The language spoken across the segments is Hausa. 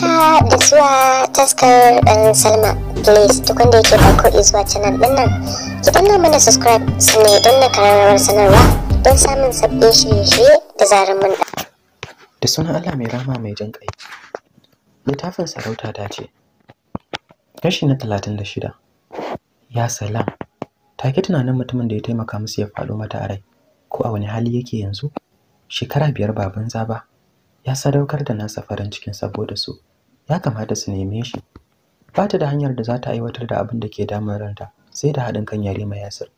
haka ah, da zuwa taskar ɗan um, salma please duk wanda yake farko izuwa canal ɗin nan ki danna mana subscribe sannan don na kararrawar sanarwa don samun sabbi shirye-shirye da zarar mun da da sunan allah mai rama mai jin ƙai littafin sarauta ta ce kashi na talatin da shida ya salam Ta take tunanin mutumin da ya taimaka musu ya faɗo mata a rai ko a wani hali yake yanzu shekara biyar baban zaba ya sadaukar da nasa farin cikin saboda su ya kamata su neme shi ba ta da hanyar da za ta aiwatar da abin da ke damun ranta sai da haɗin kan yarima yasir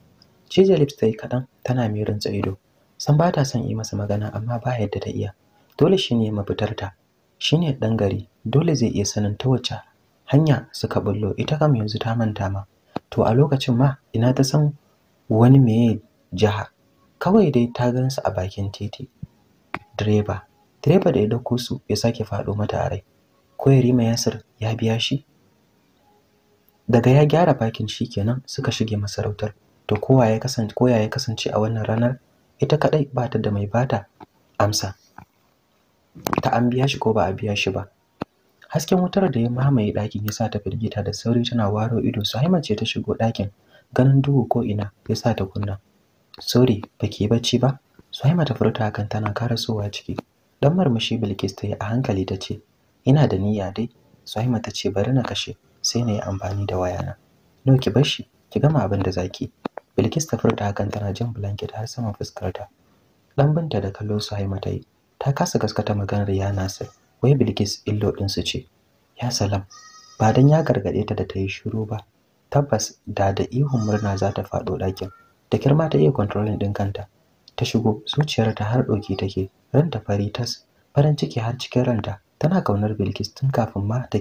cije lips ta yi kaɗan tana mirin ido san ba ta son yi masa magana amma ba yadda ta iya dole shi ne mafitarta shi ne ɗan gari dole zai iya sanin ta wacce hanya suka bullo ita kam yanzu ta manta ma to a lokacin ma ina ta san wani meye jiha kawai dai ta gansu a bakin titi direba direba da ya dauko su ya sake faɗo mata a rai ko Yarima Yasir ya biya shi daga ya gyara bakin shi kenan suka shige masarautar to kowa ya kasance koya ya kasance a wannan ranar ita kadai ba ta da mai bata amsa ta an biya shi ko ba a biya shi ba hasken wutar da ya mamaye ɗakin ya sa ta firgita da sauri tana waro ido Suhaima ce ta shigo ɗakin ganin duhu ko ina ya sa ta kunna sorry baki bacci ba Suhaima ta furta hakan tana karasowa ciki dan marmashi Bilkis ta yi a hankali ta ce ina da niyya dai Suhaima ta ce bari na kashe sai na yi amfani da wayana no ki bar shi ki gama abin da zaki Bilkis ta furta hakan tana jin blanket har sama fuskarta dan binta da kallo Suhaima ta yi ta kasa gaskata maganar ya Nasir wai Bilkis illo din su ce ya salam ba dan ya gargaɗe ta da ta yi shiru ba tabbas da da ihun murna za ta faɗo ɗakin da kirma ta iya controlling ɗin kanta ta shigo zuciyarta har ɗauki take ranta fari tas farin ciki har cikin ranta tana kaunar Bilkis tun kafin ma ta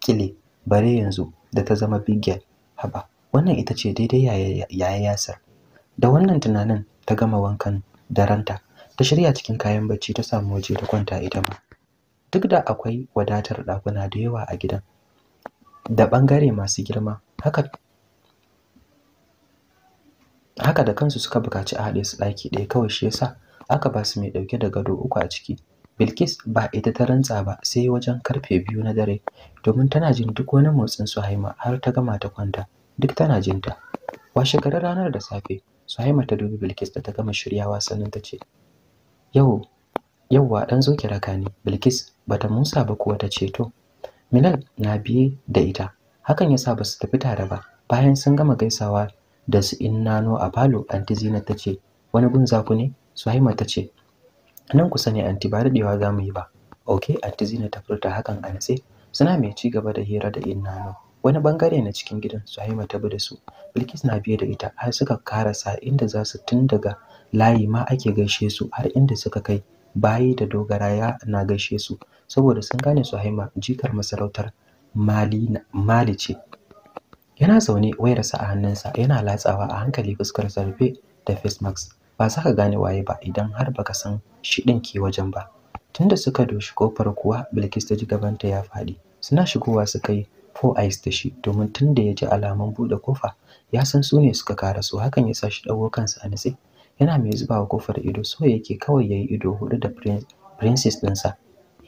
kile bare yanzu da ta zama big girl haba wannan ita ce daidai yaya yasar da wannan tunanin ta gama wankan daranta ta shirya cikin kayan bacci ta samu waje ta kwanta ita ma duk da akwai wadatar ɗakuna da yawa a gidan da ɓangare masu girma haka haka da kansu suka buƙaci a haɗe su ɗaki ɗaya kawai shi yasa aka ba su mai ɗauke da gado uku a ciki Bilkis ba ita ta rantsa ba sai wajen karfe biyu na dare domin tana jin duk wani motsin Suhaima har ta gama ta kwanta duk tana jin ta. Washe shekarar ranar da safe Suhaima ta dubi Bilkis da ta gama shiryawa sannan ta ce yau yauwa dan zo ki raka ni Bilkis bata musa ba kuwa ta ce to Milal na biye da ita hakan yasa ba su tafi tare ba bayan sun gama gaisawa da su in nano a falo anti Zina ta ce wani gun zaku ne Suhaima ta ce nan kusa ne anti ba daɗewa za mu yi ba ok anti zina ta furta hakan a natse suna mai ci gaba da hira da innano wani bangare na cikin gidan suhaima ta bi da su bilkis na biye da ita har suka karasa inda za su tun daga layi ma ake gaishe su har inda suka kai bayi da dogaraya na gaishe su saboda sun gane su haima jikar masarautar mali ce yana zaune wayarsa a hannunsa yana latsawa a hankali fuskar sarfe da face mask ba za ka gane waye ba idan har baka san shi ɗin ke wajen ba tunda suka doshi kofar kuwa bilkis ta ji gabanta ya faɗi suna shigowa suka yi fo eyes da shi domin tunda ya ji alamun buɗe kofa ya san su ne suka kara su hakan ya sa shi ɗago kansa a nutse yana mai zuba wa kofar ido so yake kawai ya yi ido hudu da princess ɗinsa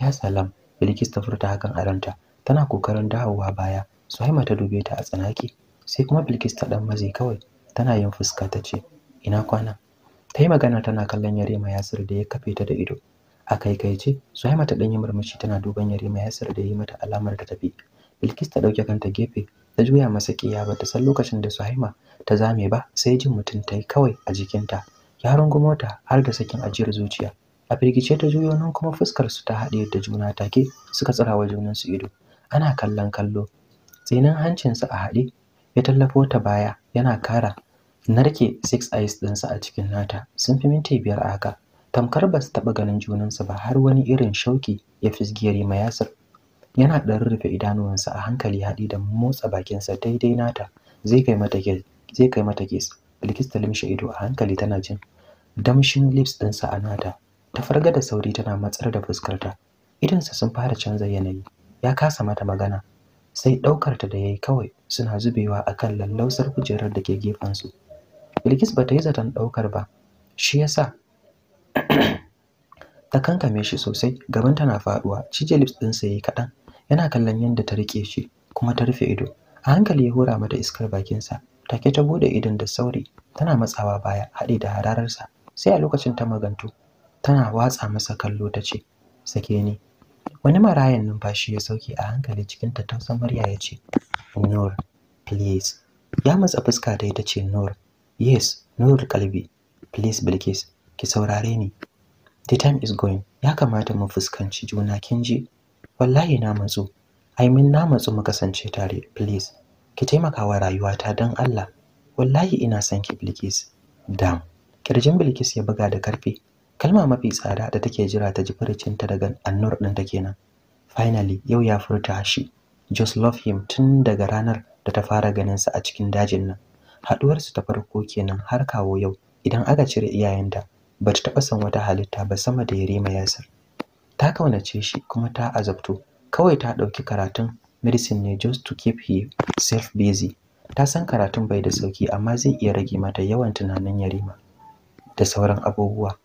ya salam bilkis ta furta hakan a ranta tana kokarin dawowa baya suhaima ta dube ta a tsanaki sai kuma bilkis ta ɗan maze kawai tana yin fuska ta ce ina kwana ta yi magana tana kallon yarima yasir da ya kafe ta da ido a kai-kai kaikaice suhaima ta yi murmushi tana duban yarima yasir da ya yi mata alamar da tafi bilkis ta ɗauke kanta gefe ta juya masa kiya ba ta san lokacin da suhaima ta zame ba sai jin mutum ta yi kawai a jikinta ya rungu mota har da sakin ajiyar zuciya a firgice ta juyo nan kuma fuskar su ta haɗe da juna take suka tsira wa junansu ido ana kallon kallo tsinin hancinsa a haɗe ya tallafo ta baya yana kara narke six eyes ɗinsa a cikin nata sun fi minti biyar a haka tamkar ba su taɓa ganin junansa ba har wani irin shauki ya fisgiyari ma yasir yana ɗan rufe idanuwansa a hankali haɗi da motsa bakinsa daidai nata zai kai mata kes zai kai bilkis ta limshe ido a hankali tana jin damshin lips ɗinsa a nata ta farga da sauri tana matsar da fuskarta idansa sun fara canza yanayi ya kasa mata magana sai ɗaukarta da ya yi kawai suna zubewa a kan lallausar kujerar da ke gefensu Bilkis ba ta yi zaton ɗaukar ba, shi ya sa ta kankame shi sosai gaban tana faɗuwa, cije lips ɗinsa ya yi kaɗan, yana kallon yadda ta riƙe shi kuma ta rufe ido. A hankali ya hura mata iskar bakinsa, take ta buɗe idon da sauri, tana matsawa baya haɗe da hararsa. Sai a lokacin ta magantu, tana watsa masa kallo ta ce, Sake ni. Wani marayan numfashi ya sauke a hankali cikin tattausan murya ya ce, Nur, please. Ya matsa fuska ta ita ce Nur, Yes, Nurul Kalbi, please Bilkis, ki saurare ni. The time is going. Ya kamata mu fuskanci juna kin ji? Wallahi na matsu. I mean na matsu mu kasance tare, please. Ki taimaka wa rayuwata dan Allah. Wallahi ina son ki Bilkis. Dam. Kirjin Bilkis ya buga da karfi. Kalma mafi tsada da take jira ta ji ta daga annur ɗin ta kenan. Finally, yau ya furta shi. Just love him tun daga ranar da ta fara ganin sa a cikin dajin nan. haɗuwarsu ta farko kenan har kawo yau idan aka cire iyayenta ba ta taɓa san wata halitta ba sama da Yarima Yasir. Ta kaunace shi kuma ta azabto, kawai ta ɗauki karatun medicine ne just to keep self busy. Ta san karatun bai da sauki amma zai iya rage mata yawan tunanin Yarima da sauran abubuwa.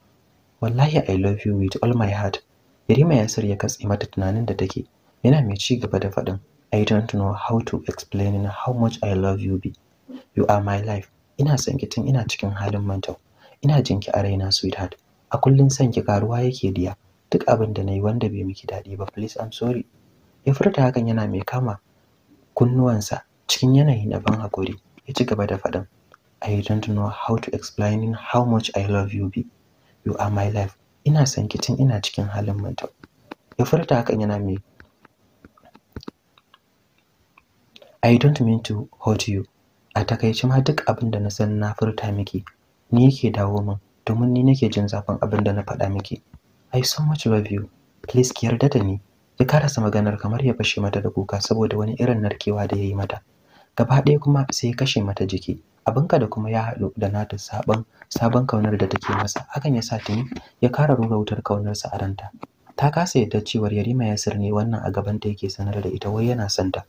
Wallahi I love you with all my heart. Yarima Yasir ya katse mata tunanin da take. Yana mai ci gaba da faɗin I don't know how to explain how much I love you be. you are my life ina son ki tun ina cikin halin mantau ina jin ki a raina sweetheart a kullun son ki karuwa yake diya duk abin da nayi wanda bai miki dadi ba please i'm sorry ya furta hakan yana mai kama kunnuwansa cikin yanayi na ban hakuri ya ci gaba da faɗan. i don't know how to explain how much i love you be you are my life ina son ki tun ina cikin halin mantau ya furta hakan yana mai I don't mean to hurt you a takaice ma duk abin da na san na furta miki ni yake dawo min domin ni nake jin zafin abin da na faɗa miki i so much love you please ki yarda da ni ya karasa maganar kamar ya fashe mata da kuka saboda wani irin narkewa da ya yi mata gaba ɗaya kuma sai ya kashe mata jiki abinka da kuma ya haɗu da nata sabon sabon kaunar da take masa hakan ya sa tuni ya kara rura wutar kaunarsa a ranta ta kasa yadda cewar yarima ya sirne wannan a gaban gabanta yake sanar da ita wai yana santa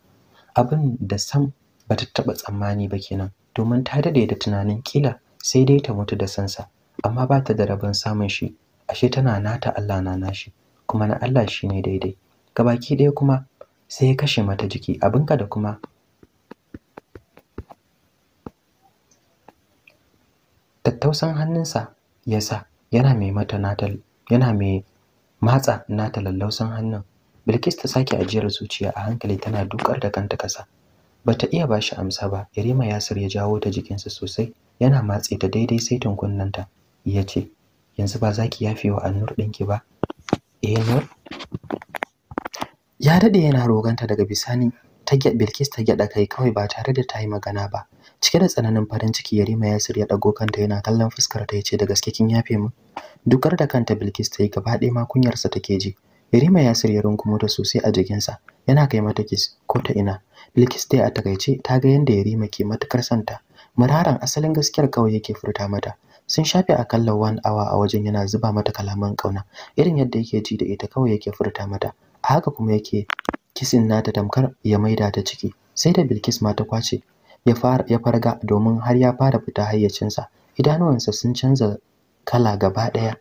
abin da sam ba ta taɓa tsammani ba kenan domin ta dade da tunanin kila sai dai ta mutu da sansa amma ba ta da rabon samun shi ashe tana nata Allah na nashi kuma na Allah shi ne daidai gabaki ɗaya kuma sai ya kashe mata jiki abinka da kuma tattausan hannunsa ya sa yana mai mata nata yana mai matsa nata lallausan hannun Bilkis ta sake ajiyar zuciya a hankali tana dukar da kanta kasa bata iya bashi amsa ba yarima yasir ya jawo ta jikinsa sosai yana matse ta daidai saitin kunnanta ya ce yanzu ba za ki yafe wa annur ɗinki ba eh nur ya daɗe yana roganta daga bisani ta bilkis ta gyaɗa kai kawai ba tare da ta yi magana ba cike da tsananin farin ciki yarima yasir ya ɗago kanta yana kallon fuskar ta ya da gaske kin yafe mu dukar da kanta bilkis ta yi gaba ɗaya ma kunyarsa take ji Yarima Yasir ya rungumo mota sosai a jikinsa, yana kai mata kiss ko ta ina. Bilkis dai a takaice ta ga yadda Yarima ke matukar santa. Mararan asalin gaskiyar kawai yake furta mata. Sun shafe a kalla one hour a wajen yana zuba mata kalaman kauna, irin yadda yake ji da ita kawai yake furta mata. A haka kuma yake kisin nata tamkar ya maida ta ciki. Sai da Bilkis ma ta kwace ya far ya farga domin har ya fara fita hayyacinsa. Idanuwansa sun canza kala gaba ɗaya.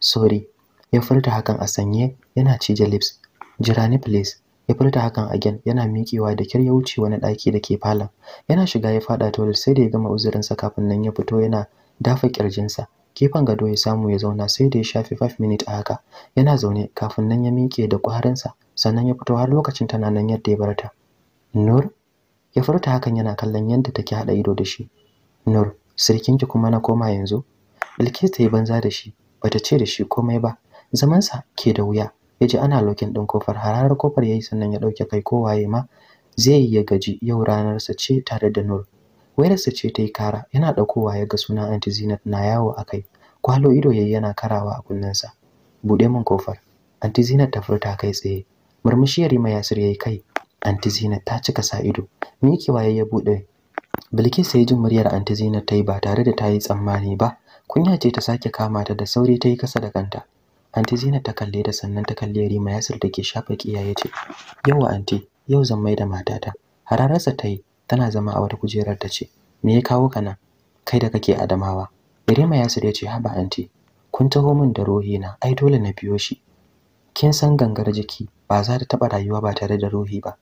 Sorry, ya furta hakan a sanye yana cije lips jirani please ya furta hakan a again yana mikewa da kyar ya wuce wani daki da ke falon yana shiga ya fada toilet sai da ya gama sa kafin nan ya fito yana dafa kirjinsa kifan gado ya samu ya zauna sai da ya shafi 5 minutes a haka yana zaune kafin nan ya mike da kwarinsa sannan ya fito har lokacin tana nan yadda ya barta Nur ya furta hakan yana kallon yadda take hada ido da shi Nur sirkinki kuma na koma yanzu Bilkis ta yi banza da shi bata ce da shi komai ba zamansa ke da wuya ya ji ana lokin ɗin kofar Har harar kofar ya yi sannan ya ɗauke kai kowaye ma zai yi ya gaji yau ranarsa ce tare da nur wayarsa ce ta yi kara yana ɗaukowa ya ga suna anti zinat na yawo a kai kwalo ido yayi yana karawa a sa. buɗe min kofar anti zinat ta furta kai tsaye murmushi ya rima yasir yayi kai anti zinat ta cika sa ido mikewa ya buɗe bilkis ya jin muryar anti zinat ta yi ba tare da ta yi tsammani ba kunya ce ta sake kama ta da sauri ta yi kasa da kanta anti Zina ta kalle da sannan ta kalle Rima Yasir da ke shafa kiya ya ce yawa anti yau zan mai da matata hararsa ta yi tana zama a wata kujerar ta ce me ya kawo ka nan kai da kake adamawa Rima Yasir ya ce haba anti kun taho min da rohi na ai dole na biyo shi kin san gangar jiki ba za ta taba rayuwa ba tare da rohi ba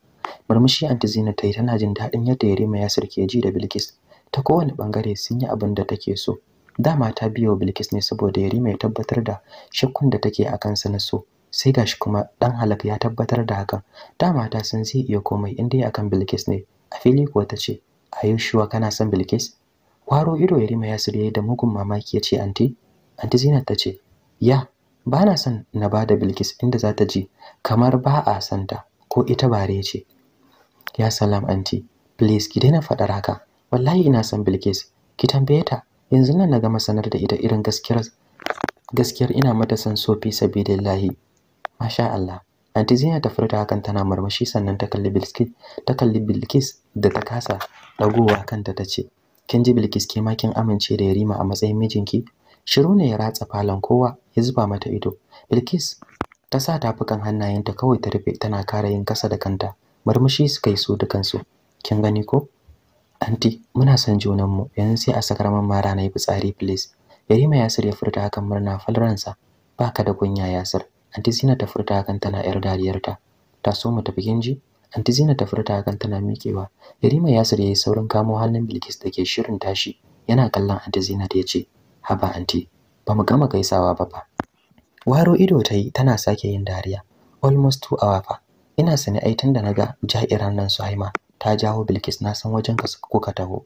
murmushi anti Zina ta yi tana jin daɗin yadda Rima Yasir ke ji da Bilkis ta kowane ɓangare sun yi abin da take so dama ta biyo Bilkis ne saboda Yarima ya tabbatar da shakkun da take a kansa na so sai gashi kuma dan halak ya tabbatar da hakan dama ta san zai iya komai in dai akan Bilkis ne a fili ko ta ce a you kana son Bilkis Kwaro ido Yarima ya sirye da mugun mamaki ya ce anti anti ta ce ya ba na son na ba da Bilkis inda za ta ji kamar ba a santa ko ita bare ce ya salam anti please ki daina faɗar haka wallahi ina san Bilkis ki tambaye ta yanzu nan na gama sanar da ita irin gaskiyar gaskiyar ina mata san sofi lahi, masha Allah anti Zina ta furta hakan tana murmushi sannan ta kalli Bilkis ta kalli Bilkis da ta kasa dagowa kanta ta ce kin ji Bilkis ke ma kin amince da Yarima a matsayin mijinki shiru ne ya ratsa falon kowa ya zuba mata ido Bilkis ta sa tafukan hannayenta kawai ta rufe tana kara yin kasa da kanta murmushi suka yi su dukansu kin gani ko anti muna son junanmu yanzu sai a sakar man mara na yi fitsari please yarima yasir ya furta hakan murna falransa baka da kunya yasir anti zina ta furta hakan tana yar dariyarta ta so mu tafi ginji anti zina ta furta hakan tana miƙewa yarima yasir ya yi saurin kamo hannun bilkis da ke shirin tashi yana kallon anti zina ya ce haba anti ba mu gama gaisawa ba fa waro ido ta yi tana sake yin dariya almost two hour fa ina sani ai tun da na ga ja'iran nan su haima ta jawo Bilkis na san wajen ka kuka taho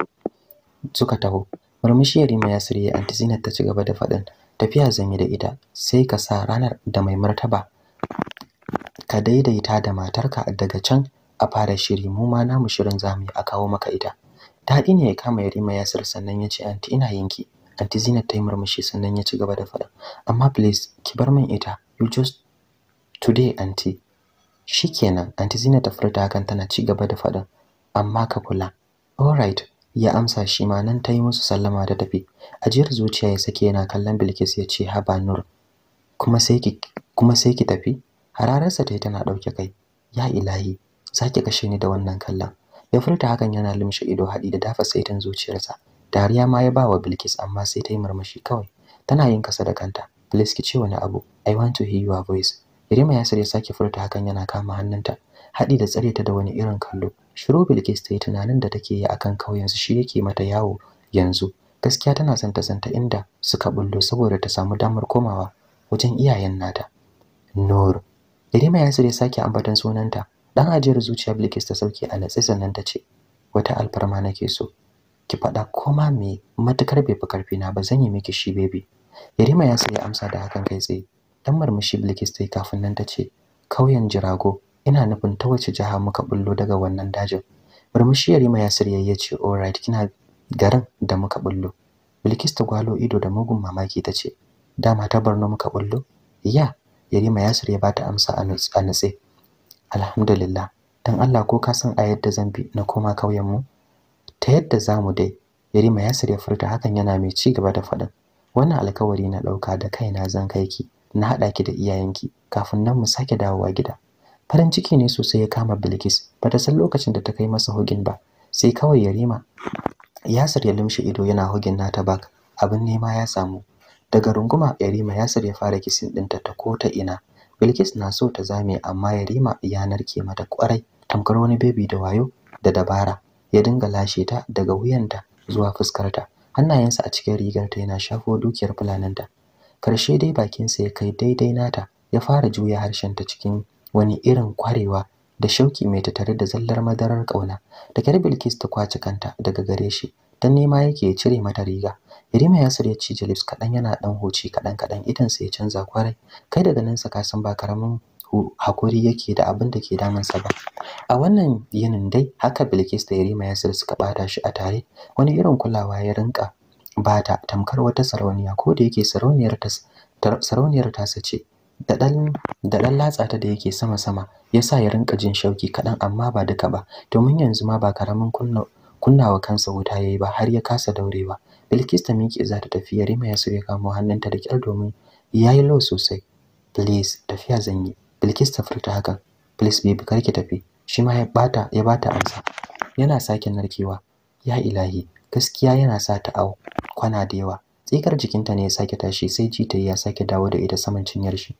suka taho murmushi Yarima ya sirye anti Zinat ta cigaba da faɗin tafiya zanyi da ita sai ka sa ranar da mai martaba ka daidaita da matarka daga can a fara shiri mu ma mu shirin zamu yi a kawo maka ita daɗi ne ya kama Yarima Yasir sannan ya ce anti ina yanki anti Zinat ta yi murmushi sannan ya ci gaba da faɗin. amma please ki bar min ita you just today anti shikenan anti Zinat ta furta hakan tana ci gaba da faɗin amma ka kula alright ya amsa shi ma nan ta yi musu sallama da tafi ajiyar zuciya ya sake yana kallon Bilkis ya ce haba Nur kuma sai ki tafi hararsa ta yi tana ɗauke kai ya ilahi ki kashe ni da wannan kallon ya furta hakan yana limshe ido haɗi da dafa saitin zuciyarsa dariya ma ya bawa Bilkis amma sai ta yi murmushi kawai tana yin kasa da kanta Bilkis ki ce wani abu i want to hear your voice Irima ya ya sake furta hakan yana kama hannunta haɗi da tsare ta da wani irin kallo Shiru Bilkis ta yi tunanin da take yi akan ƙauyensu shi yake mata yawo yanzu. Gaskiya tana son ta inda suka bullo saboda ta samu damar komawa wajen iyayen nata. Nur. Irima ya ya sake ambaton sunanta. Dan ajiyar zuciya Bilkis ta sauke a natsi sannan ta ce, "Wata alfarma nake so. Ki faɗa koma mai matukar bai fi karfi na ba zan yi miki shi baby." Irima ya ya amsa da hakan kai tsaye. Dan murmushi Bilkis ta yi kafin nan ta ce, "Kauyen Jirago ina nufin ta wace jiha muka bullo daga wannan dajin murmushi yarima yasir ya ce right kina garin da muka bullo bilkis ta gwalo ido da mugun mamaki ta ce dama ta barno muka bullo ya yarima yasir ya bata amsa a nutse alhamdulillah dan Allah ko ka san a yadda zan bi na koma kauyen mu ta yadda zamu dai yarima ya ya furta hakan yana mai ci gaba da faɗin wannan alkawari na ɗauka da kaina zan kai ki na haɗa ki da iyayenki kafin nan mu sake dawowa gida farin ciki ne sosai ya kama bilkis ba ta san lokacin da ta kai masa hugin ba sai kawai yarima yasir ya lumshe ido yana hugin nata bak abin nema ya samu daga runguma yarima yasir ya fara kisin ɗinta ta ko ta ina bilkis na so ta zame amma yarima ya narke mata kwarai tamkar wani bebi da wayo da dabara ya dinga lashe ta daga wuyanta zuwa fuskarta hannayensa a cikin rigarta yana shafo dukiyar ta. karshe dai bakinsa ya kai daidai nata ya fara juya harshen ta cikin wani irin kwarewa da shauki mai tattare da zallar madarar kauna da kyar Bilkis ta kwace kanta daga gare shi dan nema yake ya cire mata riga Irima ya ya ci Jalibs kadan yana ɗan hoci kaɗan-kaɗan idan sa ya canza kwarai kai daga nan sa kasan ba karamin hakuri yake da abin da ke damun sa ba a wannan yinin dai haka Bilkis da Irima Yasir suka bata shi a tare wani irin kulawa ya rinka bata tamkar wata sarauniya ko da yake sarauniyar ta sarauniyar ta sace da ɗan latsa ta da yake sama-sama ya sa ya rinka jin shauki kaɗan amma ba duka ba domin yanzu ma ba karamin kunnawa kansa wuta ya yi ba har ya kasa daurewa bilkis ta miƙe za ta tafi yarima ya so ya kamo hannunta da ƙyar domin ya yi low sosai please tafiya zan yi bilkis ta furta hakan please baby kar ki tafi shi ma ya bata ya amsa yana sake narkewa ya ilahi gaskiya yana sa ta au kwana da yawa tsikar jikinta ne ya sake tashi sai jita ya sake dawo da ita saman cinyar shi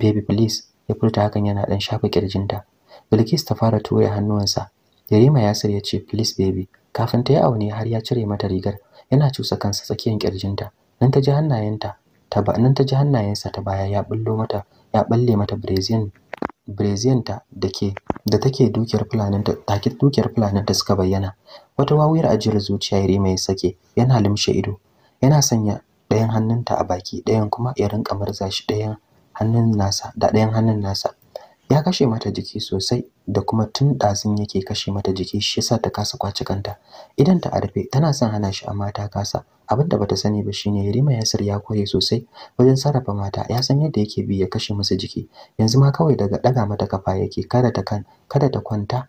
baby please ya furta hakan yana dan shafa kirjinta Bilkis ta fara ture hannuwansa Yarima Yasir ya ce please baby kafin ta yi aune har ya cire mata rigar yana cusa kansa tsakiyar kirjinta nan ta ji hannayenta ta ba nan ta ji hannayensa ta baya ya bullo mata ya balle mata Brazilian Brazilian ta dake da take dukiyar fulanin ta take dukiyar fulanin ta suka bayyana wata wawuyar ajiyar zuciya Yarima ya sake yana limshe ido yana sanya ɗayan hannunta a baki ɗayan kuma ya rinka marza shi ɗayan hannun nasa da ɗayan hannun nasa ya kashe mata jiki sosai da kuma tun ɗazun yake kashe mata jiki shi yasa ta kasa kwace kanta idan ta arfe tana son hana shi amma ta kasa abin da bata sani ba shine Rima Yasir ya koye sosai wajen sarrafa mata ya san yadda yake bi ya kashe musu jiki yanzu ma kawai daga daga mata kafa yake kada ta kan kada ta kwanta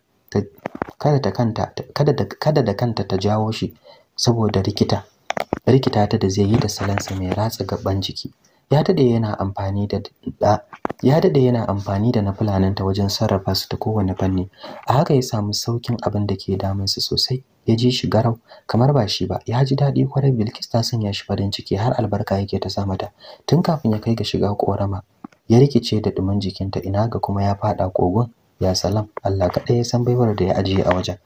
kada ta kanta kada da kada da kanta ta jawo shi saboda rikita rikita ta da zai yi da salansa mai ratsa gaban jiki ya daɗe yana amfani da ya daɗe yana amfani da na fulaninta wajen sarrafa su ta kowane fanni a haka ya samu saukin abin da ke damun su sosai ya ji shi garau kamar ba shi ba ya ji daɗi kwarai bilkis ta sanya shi farin ciki har albarka yake ta sa mata tun kafin ya kai ga shiga korama ya rikice da ɗumin jikinta ina ga kuma ya faɗa kogon ya salam Allah kaɗai ya san baiwar da ya ajiye a wajen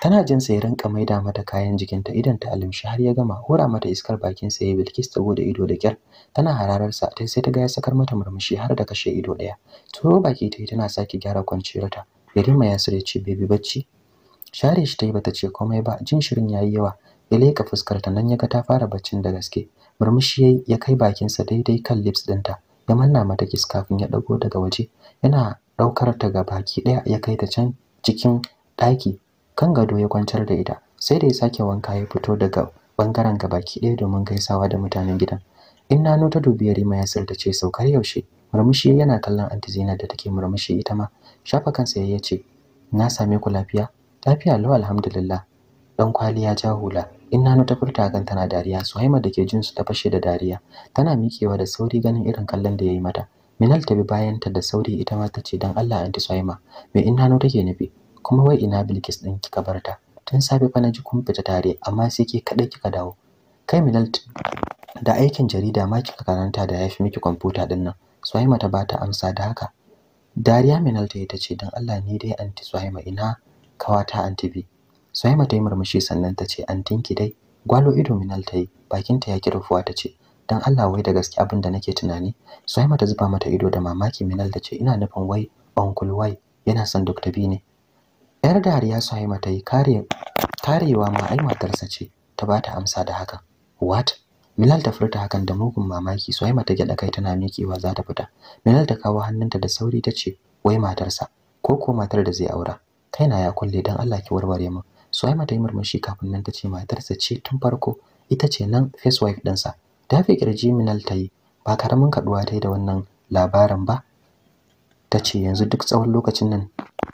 tana jin sai rinka maida mata kayan jikinta idan ta alimshi har ya gama hura mata iskar bakin sa ya Bilkis ta gode ido da kyar tana hararar sa tai sai ta ga ya sakar mata murmushi har da kashe ido daya turo baki ta yi tana saki gyara kwanciyarta Yarima ya sire ce baby bacci share shi ta yi bata ce komai ba jin shirin yayi yawa ya leka fuskar ta nan ya ga ta fara baccin da gaske murmushi yayi ya kai bakin sa daidai kan lips dinta ya manna mata kiss kafin ya dago daga waje yana daukar ta ga baki daya ya kai ta can cikin daki kan gado ya kwantar da ita sai da ya sake wanka ya fito daga bangaren gabaki ɗaya domin gaisawa da mutanen gidan in nano ta dubi yarima ya sirta ce saukar yaushe murmushi yana kallon anti zina da take murmushi ita ma shafa kansa ya ce na same ku lafiya lafiya lau alhamdulillah dan kwaliya ja hula in nano ta furta kan tana dariya suhaima da ke jin su ta fashe da dariya tana miƙewa da sauri ganin irin kallon da yayi mata minal ta bi bayanta da sauri ita ma ta ce dan Allah anti suhaima me in nano take nufi kuma wai ina Bilkis din kika barta tun safe fa naji kun fita tare amma sai ke kadai kika dawo kai Milal da aikin jarida ma kika karanta da yafi miki kwamfuta din nan Suhaima ta bata amsa da haka Dariya Minal ta ita ce dan Allah ne dai anti Suhaima ina kawata anti bi Suhaima ta yi murmushi sannan ta ce antinki dai gwalo ido Minal ta yi bakinta ya kirfuwa ta ce dan Allah wai da gaske abin da nake tunani Suhaima ta zuba mata ido da mamaki Minal ta ce ina nufin wai onkul wai yana son Dr. B ne yar da dariya Suhaima ta yi karewa ma ai matarsa ce ta ba ta amsa da hakan what Milal ta furta hakan da mugun mamaki Suhaima ta gyada kai tana miƙewa za ta fita Milal ta kawo hannunta da sauri ta ce wai matarsa ko ko matar da zai aura kaina ya kulle dan Allah ki warware min Suhaima ta yi murmushi kafin nan ta ce matarsa ce tun farko ita ce nan face wife Ta dafe kirji Minal ta yi ba karamin kaduwa ta yi da wannan labarin ba ta ce yanzu duk tsawon lokacin nan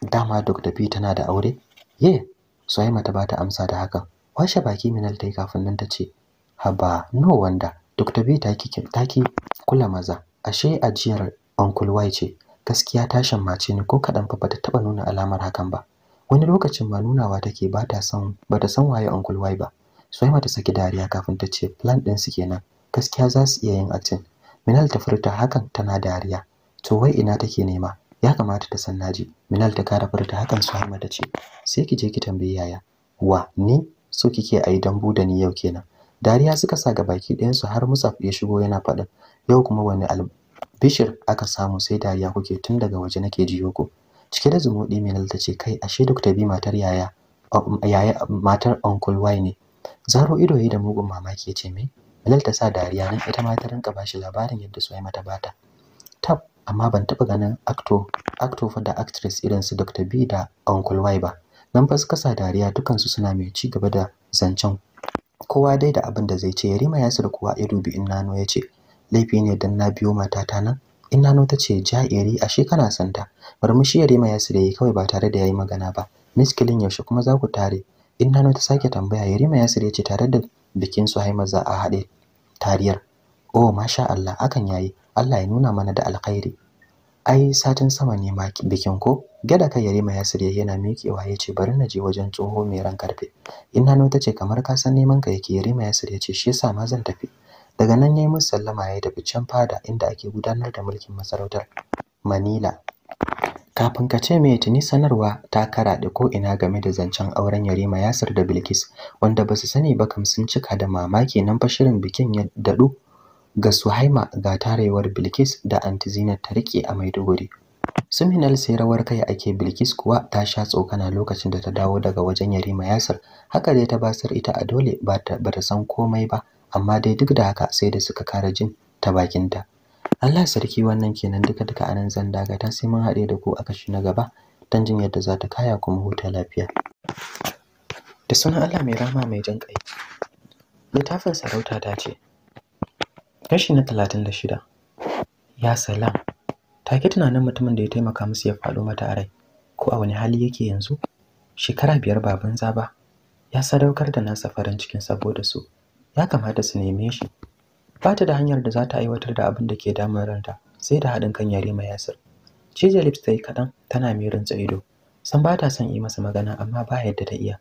dama Dr. P tana da aure? Ye, Suhaima ta bata amsa da hakan. Washe baki Minal ta kafin nan ta ce, Haba, no wanda, Dr. B ta taki kula maza, ashe ajiyar Uncle Wai ce, gaskiya ta mace ne, ko kadan fa bata taɓa nuna alamar hakan ba. Wani lokacin ma nunawa take ba ta san bata san waye Uncle Wai ba. Suhaima ta saki dariya kafin ta ce plan ɗin su kenan. Gaskiya za su iya yin acting. Minal ta furta hakan tana dariya. To wai ina take nema? ya kamata ta san naji minal ta kara furta hakan su har mata ce sai ki je ki tambayi yaya wa ni so kike ayi dambu da ni yau kenan dariya suka sa ga baki ɗayan su har musaf ya shigo yana faɗan, yau kuma wani albishir aka samu sai dariya kuke tun daga waje nake jiyo ku cike da zumuɗi minal ta ce kai ashe duk ta bi matar yaya um, yaya matar uncle wai ne zaro ido yi da mugun mamaki ya ce me Bilal ta sa dariya nan ita ma ta rinka bashi labarin yadda Suhaima mata bata. Tab amma ban taɓa ganin Acto acto fa da actress irin su Dr. B da Uncle Y ba nan fa suka sa dariya dukansu suna mai ci gaba da zancen kowa dai da abin da zai ce Yarima Yasir kuwa ya dubi Innano ya yace. laifi ne dan na biyo matata nan Innano ta ce ja'iri ashe kana santa murmushi Yarima Yasir yayi kawai ba tare da yayi magana ba miskilin yaushe kuma za ku tare nano ta sake tambaya Yarima ya ya ce tare da bikin su Haima za a haɗe tariyar oh masha Allah hakan yayi Allah ya nuna mana da alkhairi ai satin sama ne ma bikin ko gada kai yarima ya sirye yana mikewa ya ce bari na je wajen tsoho mai ran karfe in ta ce kamar ka san neman ka yake yarima ya sirye ce shi yasa ma zan tafi daga nan yayi musu sallama ya tafi can fada inda ake gudanar da mulkin masarautar manila kafin ka ce mai tuni sanarwa ta karaɗe ko ina game da zancen auren yarima yasir da bilkis wanda ba su sani ba kam sun cika da mamaki nan fa shirin bikin ya daɗu ga Suhaima ga tarewar Bilkis da Aunty ta rike a Maiduguri. Suminal sai rawar kai ake Bilkis kuwa ta sha tsokana lokacin da ta dawo daga wajen Yarima Yasir. Haka dai ta basar ita a dole ba ta san komai ba, amma dai duk da haka sai da suka kara jin ta bakinta. Allah sarki wannan kenan duka duka anan zan daga ta sai mun haɗe da ku a kashi na gaba don jin yadda za ta kaya kuma huta lafiya. Da sunan Allah mai rama mai jan ƙai. Littafin sarauta ta ce, Kashi na talatin da shida. Ya salam. Ta ke tunanin mutumin da ya taimaka musu ya faɗo mata a rai. Ko a wani hali yake yanzu? Shekara biyar ba banza ba. Ya sadaukar da nasa farin cikin saboda su. Ya kamata su neme shi. Ba ta da hanyar da za ta aiwatar da abin da ke damun ranta sai da haɗin kan Yarima Yasir. Cije lips ta yi kaɗan tana mirin ido. San ba ta son yi masa magana amma ba yadda ta iya.